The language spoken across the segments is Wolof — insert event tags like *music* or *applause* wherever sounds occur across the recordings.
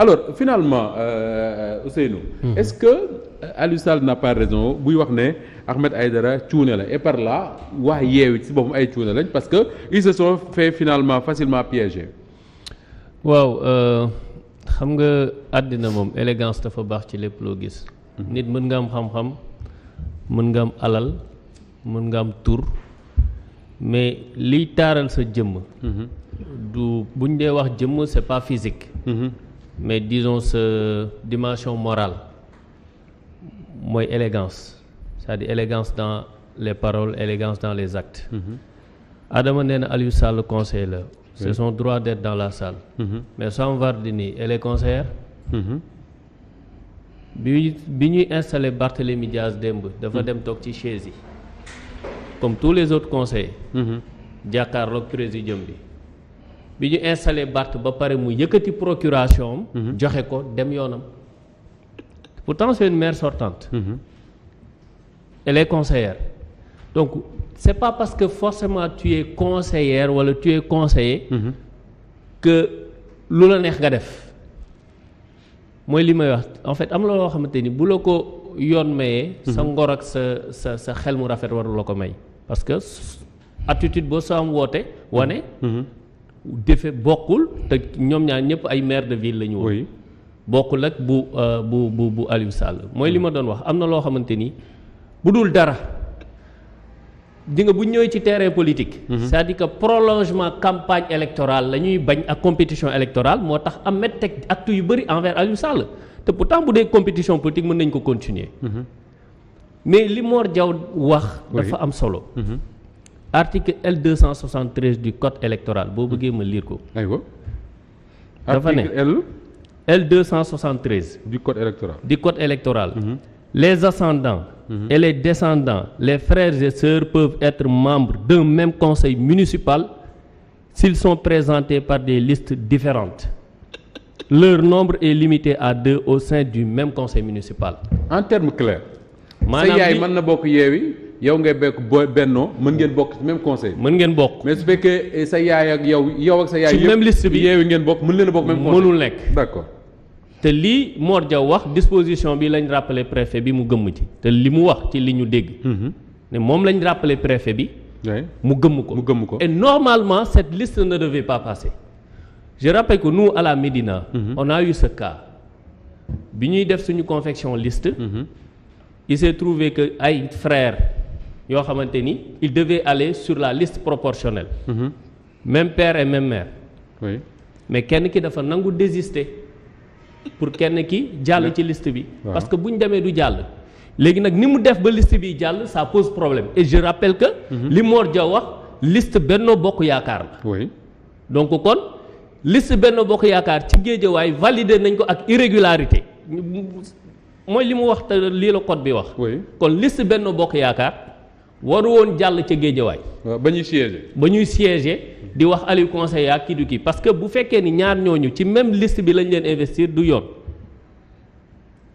alors finalement euh, euh, Ousseynou. Hmm. est-ce que euh, Aliou n'a pas raison buy wax ne ay dara cuune la et par la waa yeewi ci boppam ay cuune lañ parce que ils se sont finalement facilement piéger. waaw xam nga àddina moom élégance dafa baax ci lépp loo gis. Hmm. nit mën nga am xam-xam mën nga am alal mën nga am tur mais liy taaral sa jëmm. Hmm. du buñ dee wax jëmm c'est pas physique. mais disons sa dimension morale mooy élégance cest à élégance dans les paroles élégance dans les actes mm-hmm. Adama nee na Aliou Sall conseil la c'est son droit d'être dans la salle mm-hmm. mais Soham Wardini elle est conseillère mm-hmm. bi bi ñuy installé Barthélémy Diaz démb dafa dem toog ci chaise yi comme tous les autres conseils jàkkaarloog présidium bi bi ñu installé Barth ba pare mu yëkkati procuration am mhm. joxe ko dem yoonam pourtant c'est une maire sortante mmh. elle donc c'est pas parce que forcément tu es conseillère wala tu es mhm. lu la neex nga def mooy li may wax en fait am la loo xamante ni bu la ko yoon mayee mhm. sa ngor ak sa sa sa xel mu rafet warula ko may parce que attitude boo sa am woote wane defe bokkul te ñoom ñaan ñëpp ay maire de ville la ñu woon bokkul ak bu euh, bu bu bu Aliou mooy li mm. ma doon wax am na loo xamante ni bu dul dara di nga bu ñëwee ci terrain politique mm-hmm. cest à que prolongement campagne électorale la ñuy bañ ak compétition électorale moo tax Ahmed teg acte yu bëri envers Aliou Sall te pourtant bu dee compétition politique mën nañ ko continuer mm-hmm. mais limor Mor Diaw wax dafa am solo mm-hmm. article L273 du code électoral boo bëggee ma lire ko. aywa dafa ne L. L273. du code électoral du code électoral. Mm -hmm. les ascendants. Mm -hmm. et les descendants les frères et sœurs peuvent être membres d'un même conseil municipal s'ils sont présentés par des listes différentes leur nombre est limité à deux au sein du même conseil municipal. en termes clairs. sa yaay mën na bokk Yewwi yow ngay bekk bo bennoo mën ngeen bokk ci même conseil. mën ngeen bokk mais su fekkee eh, sa yaay ak yow yow ak sa yaay. ci même liste bi yeewi ngeen bokk mën leen a bokk même conseil mënul nekk te lii Mor Diaw wax disposition bi lañ rappelé préfet bi mu gëmm ci te li mu wax ci li ñu dégg. Mhm. ne moom lañ rappelé préfet bi. mu gëmm ko mu gëmm ko. et normalement cette liste ne devait pas passer je rappelle que nous à la Médina. Mm -hmm. on a bi ñuy def suñu confection list Mm -hmm. il s'est trouvé que ay frères. yoo xamante ni il devait aller sur la liste proportionnelle. Mmh. même père et même mère. mais kenn ki dafa nangu désister pour kenn ki jàll ci liste bi. parce que bu ñu demee du jàll. léegi nag ni mu def ba list bi jàll ça pose problème et je rappelle que. Mm-hmm. li Mor Dia wax liste Benno Bokk Yaakaar la. donc kon list Benno Bokk Yaakaar ci Guédiawaye validé nañ ko ak irrégularité mooy li mu wax te lii la code bi wax. kon liste Benno Bokk Yaakaar. waru woon jàll ca géejawaay. ba ñuy siégé. ba ñuy siégé di wax Aliou conseiller ak kii kii parce que bu fekkee ni ñaar ñooñu ci même liste bi lañ leen investir du yoon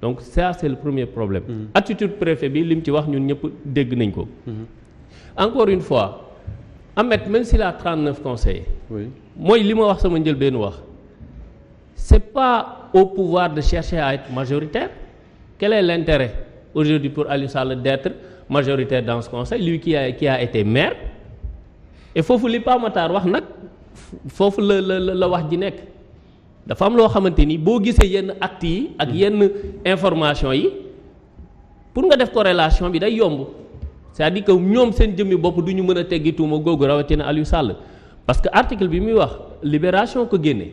donc ça c'est le premier problème. Mm -hmm. attitude préfet bi lim ci wax ñun ñëpp dégg nañ ko. Mm-hmm. encore une fois Ahmed même s'il a 39 conseillers. oui mooy li ma wax sama njëlbeen wax c'est pas au pouvoir de chercher à être majoritaire quel est l'intérêt pour Aliou Sall d'être majoritaire dans ce conseil lui qui a été maire et foofu li Pa wax nag foofu la la la wax ji nekk dafa am loo xamante ni boo gisee yenn actes yi ak mm-hmm. yenn information yi pour nga def corrélation bi day yomb cest à ñoom seen jëmmi bopp du ñu mën a teggi tuuma googu rawatina Aliou Sall parce que article bi muy wax libération ko génne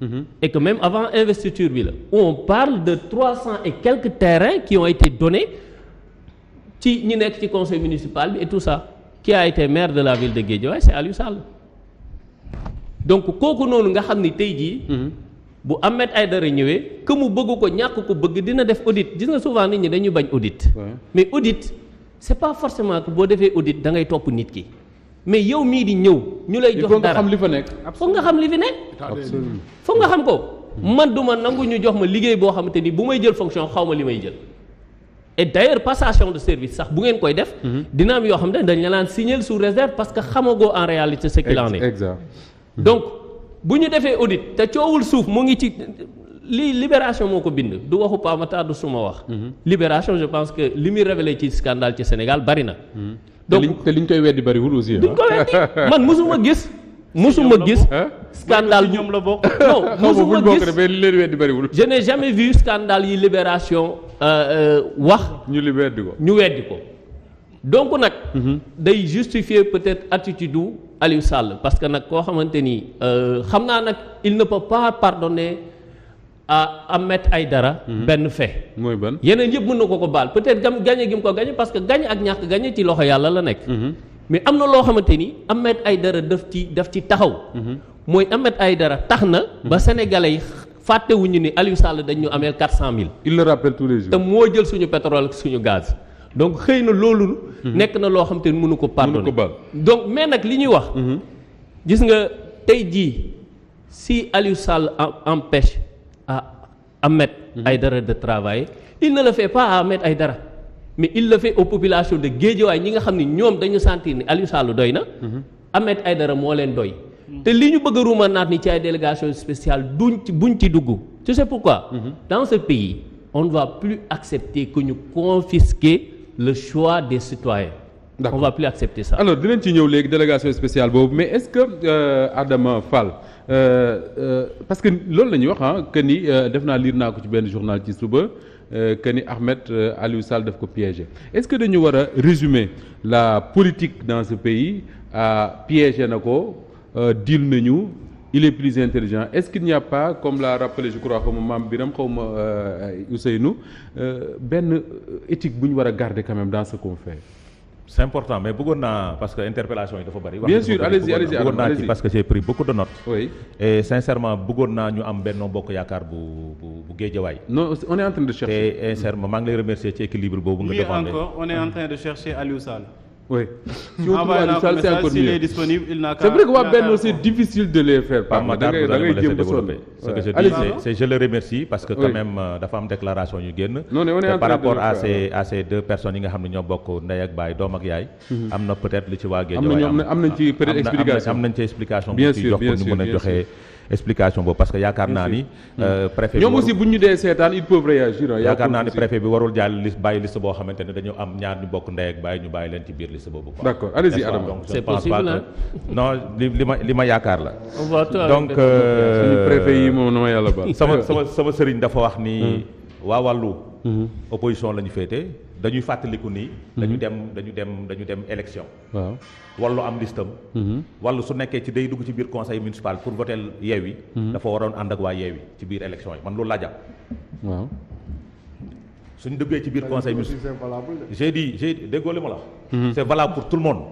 mm-hmm. et que même avant investiture bi la on parle de trois cent et quelques terrains qui ont été donnés ci ñi nekk ci conseil municipal bi et tout ça qui a maire de la ville de Guédiawaye c'est Aliou Sall donc kooku noonu nga xam ni tey jii mhm. bu ay Aïdara ñëwee que mu bëgg ko ñàkk ko bëgg dina def audit dina souvent nit ñi dañuy bañ audit mais audit c'est pas forcément que boo defee audit da ngay topp nit ki mais yow mii di ñëw ñu lay jox dara xam li fa nekk foog nga xam li fi nekk foog nga xam ko man duma nangu ñu jox ma liggéey boo xamante ni bu may jël fonction xaw ma li may jël et d'ailleurs passation de service sax bu ngeen koy def. Mhm. dina am yoo xam ne dañ la naan signaler sous réserve parce que xamagoo en réalité ce qu'il mhm. donc bu ñu defee audit te coowul suuf mu ngi ci lii libération moo ko bind du waxu Pape Matar du suma wax. Mhm. libération je pense que li muy révélé ci scandale ci Sénégal bari na. donc te liñ koy weddi bariwul aussi. duñ ah. ko weddi man mosuma gis. musuma gis *laughs* scandale ñoom la bokk *laughs* non *laughs* musuma gis je n'ai jamais scandale yi libération Euh, euh, wax. ñu li weddi ko ñu weddi ko. donc nag. Mhm. day justifier peut-être attitude du Aliou Sall parce que nag koo xamante ni euh, xam naa nag il ne peut pas pardonner ay dara mhm. benn fait. mooy ban yeneen yëpp mën na ko ko baal peut-être gam gagné gi mu ko gagné parce que gagné ak ñàkk gagné ci loxo yàlla la nekk. Mhm. mais am na loo xamante ni ay dara daf ci daf ci taxaw. mooy Ahmed Aïdara tax na. ba sénégalais fàttewuñu ni Aliou Sall dañ ñu ameel 400000. il le rappelle tous les jours te moo jël suñu pétrole ak suñu gaz. donc xëy na loolu. nekk na loo xam te ne mënu ko pardonner donc mais nag li ñuy wax. Mhm. gis nga tey jii si Aliou Sall empêche à ay mhm. dara de travailler il na le fait pas à Ahmed Aïdara mais il le fait aux populations de Guédiawaye ñi nga xam ne ñoom dañu sentir ni Aliou Sall doy na. Mhm. ay dara moo leen doy. te li ñu bëgg a ruuma naat ni ci ay délégation spéciale duñ ci buñ ci dugg tu sais pourquoi mhm. dans ce pays on ne va plus accepter que ñu confisquer le choix des citoyens on va plus accepter sa alors dinañ ci ñëw léegi délégation spéciale boobu mais est-ce que euh, Adama Fall euh, euh, parce que loolu la ñuy wax ah que ni def naa liir naa ko ci benn journal ci suba que ni Ahmed Aliou Sall daf ko piégé est-ce que dañu war a résumer la politique dans ce pays piégé na ko Euh, deal nañu il est plus intelligent est-ce qu'il n'y comme l'a rappelé je crois maam Biram xaw ma euh, euh, benn éthique bu ñu war a garder quand même dans ce qu'on fait. c'est important mais bëggoon naa parce que interpellation yi dafa bari. bien sûr allez-y allez-y bëggoon naa ci parce que j'ai pris beaucoup de notes. oui et bëggoon naa ñu am Benno Bokk Yaakaar bu bu bu Guédiawaye. non on est en train de chercher. te sincèrement maa ngi lay remercier ci équilibre oui *laughs* si on trouve la salle c'est encore mieux disponible il n'a qu'à que benn c'est difficile de les faire Pape Matar da ngay jéem a développer ce que je le remercie parce que quand euh, dafa am déclaration yu génn par rapport à ces à yi nga xam ne ñoo bokk ndey ak baay doom ak yaay mhm. am na peut-être lu ci waa Guédiawaye am nañ ci explication am nañ ci explication bu ci jox pour ñu mën a joxee explication boobu parce que yaakaar naa ni. Euh, mm. préfet bi dee seetaan ils peuvent naa ni préfet bi warul jàll liste bàyyi liste boo xamante ne dañoo am ñaar ñu bokk ndey ak bàyyi ñu bàyyi leen ci biir liste boobu. d'accord allez-y Adama non li li ma li ma yaakaar la. donc euh, suñu moom na ma yàlla sama sama sama sëriñ dafa wax ni. Hmm. waa wàllu. Hmm. opposition la ñu féete. dañuy fàttaliku nii dañu mhm. dem dañu dem dañu dem élection waaw wallu am listam mhm. wallu su nekkee ci day dugg ci biir conseil municipal pour voter yeew yi mhm. dafa waroon ànd ak waa yeew yi ci biir élection yi man loolu laa jàpp waaw suñu duggee ci biir conseil municipal j'ai dit j'ai déggoo li ma la wax c'est valable pour tout le monde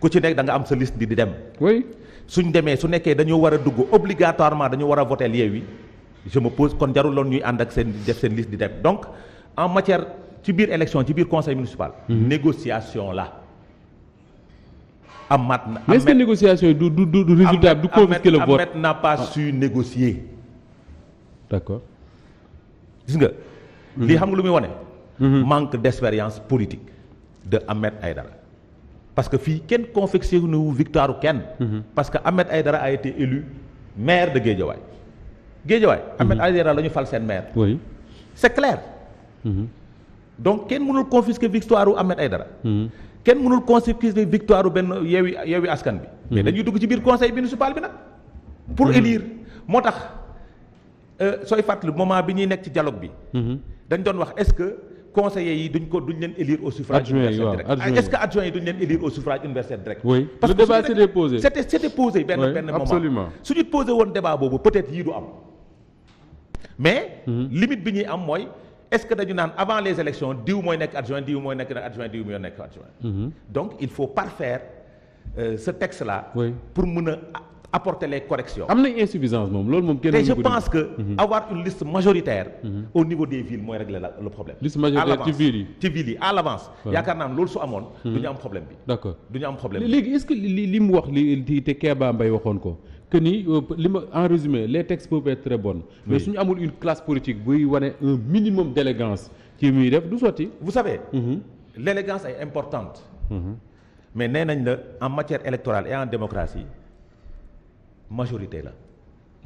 ku ci nekk danga am sa liste di dem oui suñ demee su nekkee dañoo war a dugg obligatoirement dañu war a voter yeew yi je me kon jarul loon ñuy ànd ak seen def seen liste di dem ci biir élection ci biir conseil municipal. Mhm. négociation la. Ahmed mais est-ce que négociation yi du du du du résultat du confisquer le vote Ahmed n'a pas ah. su négocier. d'accord. gis nga. Mhm. lii xam nga lu muy wane. Mhm. manque d'expérience politique de Ahmed Aïdara. parce que fii kenn confectionné wu victoire kenn. parce que Ahmed Aïdara a été élu maire de Guédiawaye. Guédiawaye. Ahmed Aïdara la ñu fal seen maire. oui c'est clair. Mm-hmm. donc kenn mënul confisque victoire u Ahmed Aïdara hmm. kenn mënul confisquer victoire u benn yeewi yeewi askan bi hmm. mais dañuy dugg ci biir conseil municipal bi nag pour hmm. élire moo tax euh, sooy fàttali moment bi ñuy nekk ci dialogue bi dañ doon wax est-ce que conseillers yi duñ ko duñ leen élire au suffrage universel direct est-ce parce que le débat s'était posé c'était c'était posé benn benn moment absolument suñu posé woon débat boobu peut-être yii du am mais limite bi ñuy am mooy est-ce que dañu naan avant les élections diw mooy nekk adjoint diw mooy nekk adjoint diw mooy nekk adjoint mhm. donc il faut parfaire euh, ce texte là pour mën a apporter les corrections am na insuffisance moom loolu moom kenn te je pense que mm -hmm. avoir une liste majoritaire mhm. au niveau des villes mooy régler le problème liste majoritaire ci villes yi ci villes yi à l'avance yaakaar naa ne loolu su amoon mhm. du ñu am problème bi d'accord du ñu am problème léegi est que li li mu wax li te Kéba waxoon ko que ni euh, li ma en résumé les textes peuvent être très bons mais suñu amul une classe politique buy wane un minimum d'élégance ci muy def du sotti vous savez mhm. l'élégance est importante mhm. mais nee la en matière électorale et en démocratie majorité la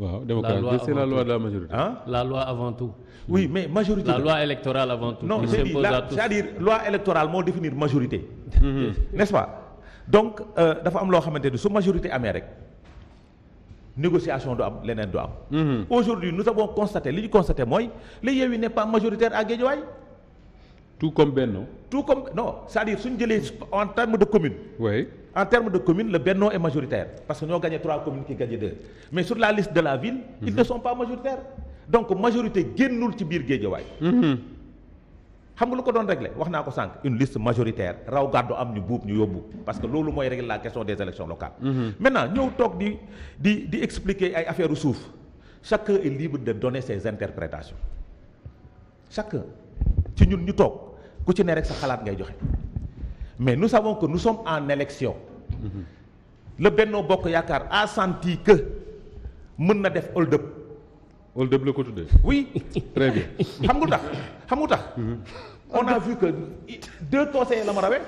waaw démocratie c'est la loi de la majorité ah la loi avant tout oui mais majorité la loi électorale avant tout non cest dire loi électorale moo définir majorité mhm. n'est-ce pas donc euh, dafa am loo xamante ni su majorité amee rek négociation du am leneen du am. Mhm. aujourd'hui nous avons constaté li ñu constaté mooy la Yewwi n'est pas majoritaire à Guédiawaye. tout comme Benno. tout comme non c'est-à-dire suñu jëlee en terme de commune. oui en terme de commune le Benno est majoritaire parce que ñoo gagné trois communes qui gagné deux mais sur la liste de la ville. ils mhm. ne sont pas majoritaires donc majorité génnul ci biir Guédiawaye. Mhm. xam nga lu ko doon réglé wax naa ko sànq une liste majoritaire raw gàddu am ñu buub ñu yóbbu parce que loolu mooy régler la question des élections locales mm-hmm. maintenant ñëw toog di di di expliquer ay affaire suuf chaque est de donner ses interprétations chaque ci ñun ñu toog ku ci ne rek sa xalaat ngay joxe mais nu savons que nu sommes en élection mm-hmm. le Benno Bokk Yaakaar a senti que mën na def hold-up wala dëbb la ko tuddee. oui *laughs* très bien. xam nga tax xam nga tax. Mm-hmm. on a que deux conseillers la ma rawee.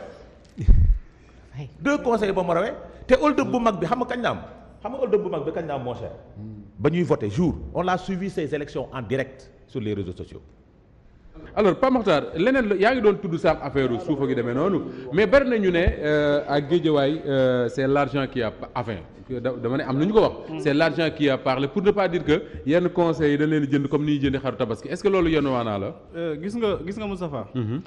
deux conseillers ba ma rawee te hold bu mag bi xam nga kañ la am xam nga hold bu mag bi kañ la am mm. ba ñuy voté jour on la suivi ces élections en direct sur les réseaux sociaux. alors Pape Makhtar leneen la yaa ngi doon tudd sax affaire suufa gi demee noonu mais bari na ñu ne euh, à Guédiawaye euh, c'est l'argent qui a affaire. dama ne am na ñu ko wax mm. c'est l'argent qui a parlé pour ne pas dire que yenn conseils yi dañ leen jënd comme ni jëndi xaru tabaski est-ce que loolu yenn waanaa euh, gis nga gis nga Moustapha mm-hmm.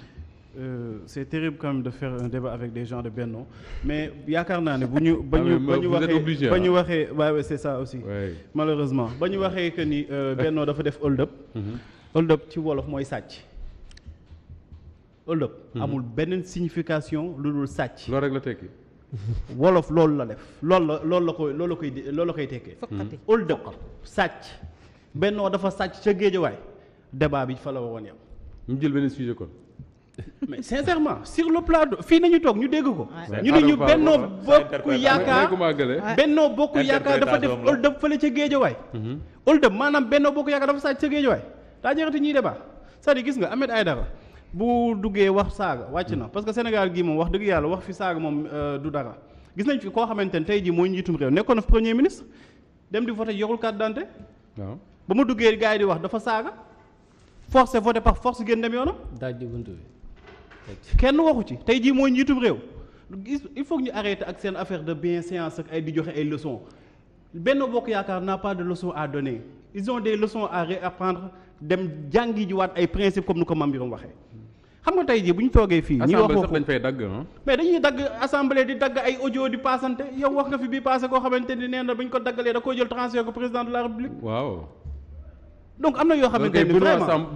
Euh, c'est terrible quand même de faire un débat avec des gens de Benno mais yaakaar naa ne bu ñu ba ñu ah ba ñu waxee ba ñu waxee waaw c'est ça aussi ouais. malheureusement ba ñu waxee que ni euh, *laughs* Benno dafa def hold up mm-hmm. hold up ci wolof mooy sàcc hold up mm-hmm. amul beneen signification lu dul sàcc loolu rek la tekki wolof loolu la def loolu la lool la koy loolu la koy loolu la koy tekkee. ul dëpp sàcc bennoo dafa sàcc ca géejawaay débat bi fa la waroon yam ñu jël beneen sujet kon. mais sincèrement sur le plateau fii nañu toog ñu dégg ko. ñu ne ñu bennoo bokku yaakaar bennoo bokku yaakaar dafa def ol dëpp fële ca géejawaay. ol mhm. dëpp maanaam bennoo bokk yaakaar dafa sàcc ca géejawaay daa jeexati ñuy débat c'est-à-dire gis nga Ahmed Aïdara bu duggee wax saaga wàcc na parce que Sénégal gii moom wax dëgg yàlla wax fi saaga moom euh, du dara gis nañ fi koo xamante ne tey jii mooy njiitum réew nekkoon na fi premier ministre dem di voté yorul carte d'identité waaw ba mu duggee gars yi di wax dafa saaga forcé voté par force gën dem yoonam. daaj bunt bi kenn waxu ci tey jii mooy njiitum réew il faut ñu arrêté ak seen affaire de bienséance ak ay di joxe ay leçons Benno Bokk Yaakaar n'a pas de leçons à donner ils ont des leçons à réapprendre dem jàngi ay principes comme ni ko Mame Birame waxee. xam nga tey jii bu ñu toogee fii. ñi wax ko dañ fay dagg mais dañuy dagg assemblée di dagg ay audio di paasante yow wax nga fi bii paase koo xamante ni nee na ñu ko daggalee da koo jël transfert ko président de la république. waaw. donc am na yoo xamante ni vraiment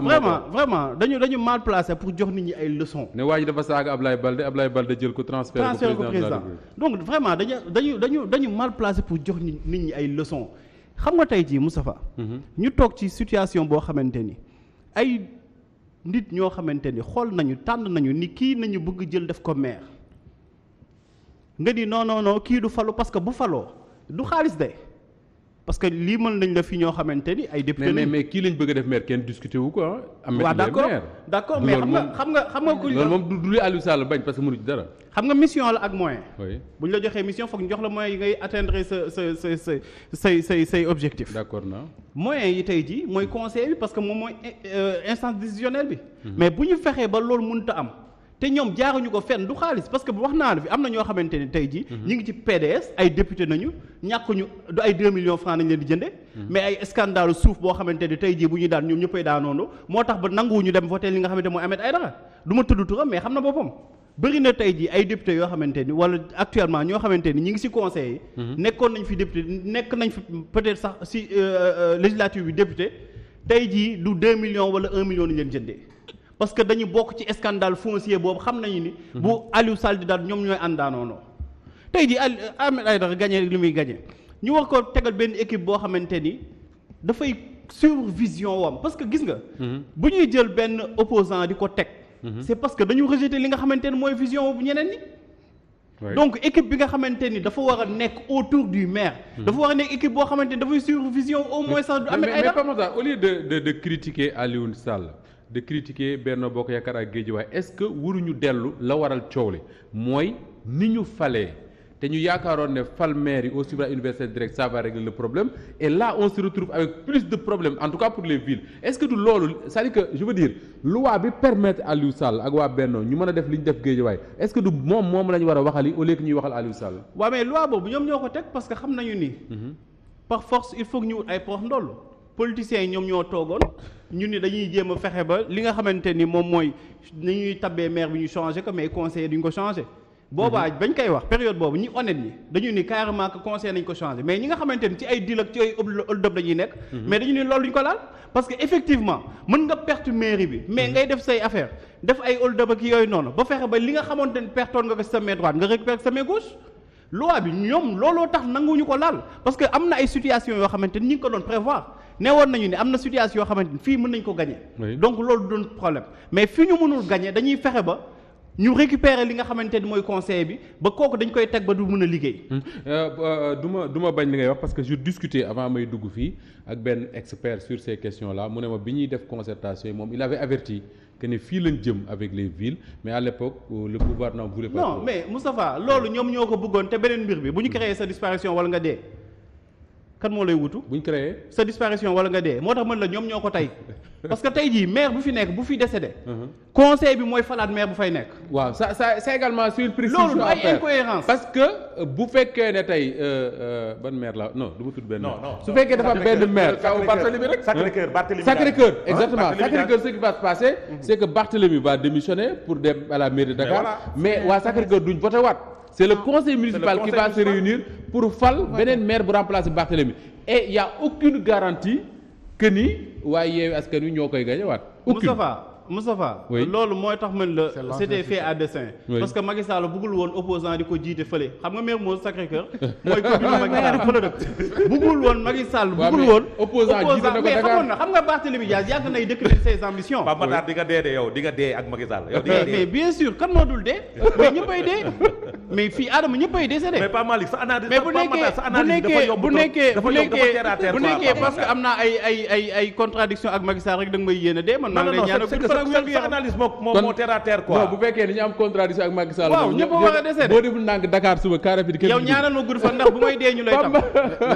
vraiment vraiment dañu dañu mal placé pour jox nit ñi ay leçons. ne waa ji dafa saaga Ablaye Balde Ablaye Balde jël ko transfert. transfert ko président donc vraiment dañu dañu dañu mal placé pour jox nit ñi ay leçons xam nga mhm. ni nit ñoo xamante ni xool nañu tànn nañu ni kii nañu bëgg jël def ko maire nga ni non non non kii du falu parce que bu faloo du xaalis de parce que lii mën nañ la fi ñoo xamante ni ay député mais mais kii lañ bëgg a def maire kenn discuté wu ko ah. am na d'accord d'accord mais xam nga xam nga xam nga. ku loolu moom du li Aliou Sall bañ parce que mënu ci dara. xam nga mission la ak moyen. bu ñu la joxee mission foog ñu jox la moyen yi ngay atteindre sa sa sa sa say say say objectif. d'accord na moyen yi tey jii mooy conseil bi parce que moom mooy euh, instance décisionnelle bi. Mhm. mais bu ñu fexee ba loolu mënut am. te ñoom jaaruñu ko fenn du xaalis parce que wax naa la fi am na ñoo xamante ne tey jii. Mhm. ñu ngi ci PDS ay député nañu ñàkkuñu du ay 2 millions francs nañ leen di jënde mhm. mais ay scandale suuf boo xamante ni tey jii bu ñu daan ñoom ñëppay daanoondoo moo tax ba nanguwuñu dem voté li nga xamante mooy Ahmed Aïdara du ma tudd turam mais xam na boppam. bëri na tey jii ay député yoo xamante ni wala actuellement ñoo xamante ni ñu ngi ci conseil yi. Mhm. nekkoon nañ fi député nekk nañ fi peut-être sax ci euh, euh, législature bi député tey jii du 2 millions wala 1 million nañ leen jëndee. parce que dañu bokk ci scandale foncier boobu xam nañu ni. Mhm. bu Aliou Sall di daal ñoom ñooy àndaanoonoo tey jii Aliou Ahmed Aïdara gagné li muy gagné ñu wax ko tegal benn équipe boo xamante ni dafay suivre vision wam parce que gis nga. Mhm. bu ñuy jël benn opposant di ko teg. Mhm. c'est parce que dañu rejeter li nga xamante ni mooy vision bu ñeneen ñi. Oui. bi nga xamante ni dafa war a nekk autour du maire. dafa war a boo xamante ni dafay suivre au moins sax. du Ahmed Aïdara mais mais au lieu de de de critiquer Alioune Sall. de critiquer Benno Bokk Yaakaar ak Guédiawaye est-ce que waruñu dellu la waral coow li mooy ni ñu falee te ñu yaakaaroon ne fal maire yi au suffrage universel direct ça va régler problème et là on se retrouve avec plus de problèmes en tout cas pour les villes est-ce que du loolu c'est-à-dire que je bi permettre Aliou Sall ak waa Benno ñu mën a def li ñu def Guédiawaye est-ce du moom moom la ñu war a waxali au lieu que ñuy waxal Aliou Sall. waaw mais loi boobu ñoom ñoo ko teg parce que xam nañu mhm. ñoom ñoo toogoon. ñun ni dañuy jéem a fexe ba li nga xamante ni moom mooy nañuy tabee maire bi ñu changé ko mais conseil duñ ko changé boobaa mhm. bañ koy wax période boobu ñi honnête ñi dañu ni carrément que conseil nañ ko changé mais ñi nga xamante ni ci ay deal ak ci ay hold-up la mhm. parce que effectivement mën nga perte bi mais mhm. ngay def say affaire def ay hold yooyu noonu ba fexe ba li nga xamante ni pertoon nga ko sa main droite nga récupérer sa main gauche loi bi ñoom looloo tax nanguñu ko laal parce que am na ay situation yoo xamante ni ñi ngi ko doon prévoir ne woon nañu ne am na situation yoo xamante ni fii mën nañ ko gagné donc loolu doon problème mais fi ñu mënul gagné dañuy fexe ba ñu récupérer li nga xamante ni mooy conseil bi ba kooku dañ koy teg ba du mën a liggéey hmm. euh, euh, du ma du bañ li ngay wax parce que je discutais avant may dugg fii ak benn expert sur ces questions là mu ne ma bi ñuy def concertation yi moom il avait averti que ne fii lañ jëm avec les villes mais à l'époque euh, le pouvoir n'en voulait pas non ñoom ñoo ko bëggoon te beneen bu ñu créé sa disparition wala nga dee kan moo lay wutu buñ créé sa disparition wala nga dee moo tax mën la ñoom ñoo ko tey *laughs* parce tey jii maire bu fi nekk bu fi décédé uh-huh. conseil bi mooy falaat maire bu fay nekk waaw ça ça c'est également surprise loolu du que euh, bu fekkee ne tey euh, euh, la non du ma tudd benn su fekkee dafa am benn maire Barthélemy rek Sacré-Cœur exactement Sacré-Cœur ce qui va se passer c'est que démissionner pour dem à la mairie mais waa Sacré-Cœur duñ voté waat c' est le ah, conseil municipal qui va se réunir pour fal beneen maire bu remplacer Barthélemy et y' a aucune garantie que waaye yeewi askan wi ñoo koy gagné waat. aucune Moustapha Moustapha loolu mooy tax man la c' était fait à dessein parce que Macky Sall bëggul woon opposant di ko jiite fële xam nga maire moom Sacré-Cœur *laughs* mooy commune Macky Sall fële dëkk bëggul woon Macky Sall bëggul woon opposant na xam nga Barthélemy Diaz yàgg nay décliner ses ambitions Pape Matar nga dee de yow di nga dee ak Macky *laughs* mais fii Adama ñëppay décédé. mais Pape Malick sa mais bu nekkee bu nekkee bu nekkee parce que am naa ay ay ay contradiction ak Macky rek da may yéene dee man. maa ngi lay ñaanal gudd fan ak wér gu yaram moo moo terre à terre bu fekkee dañu am contradiction ak Macky Sall. waaw ñëpp a war a boo deful ndànk Dakar suba carré bi. yow ñaanal ma gudd fan ndax bu may dee lay tam.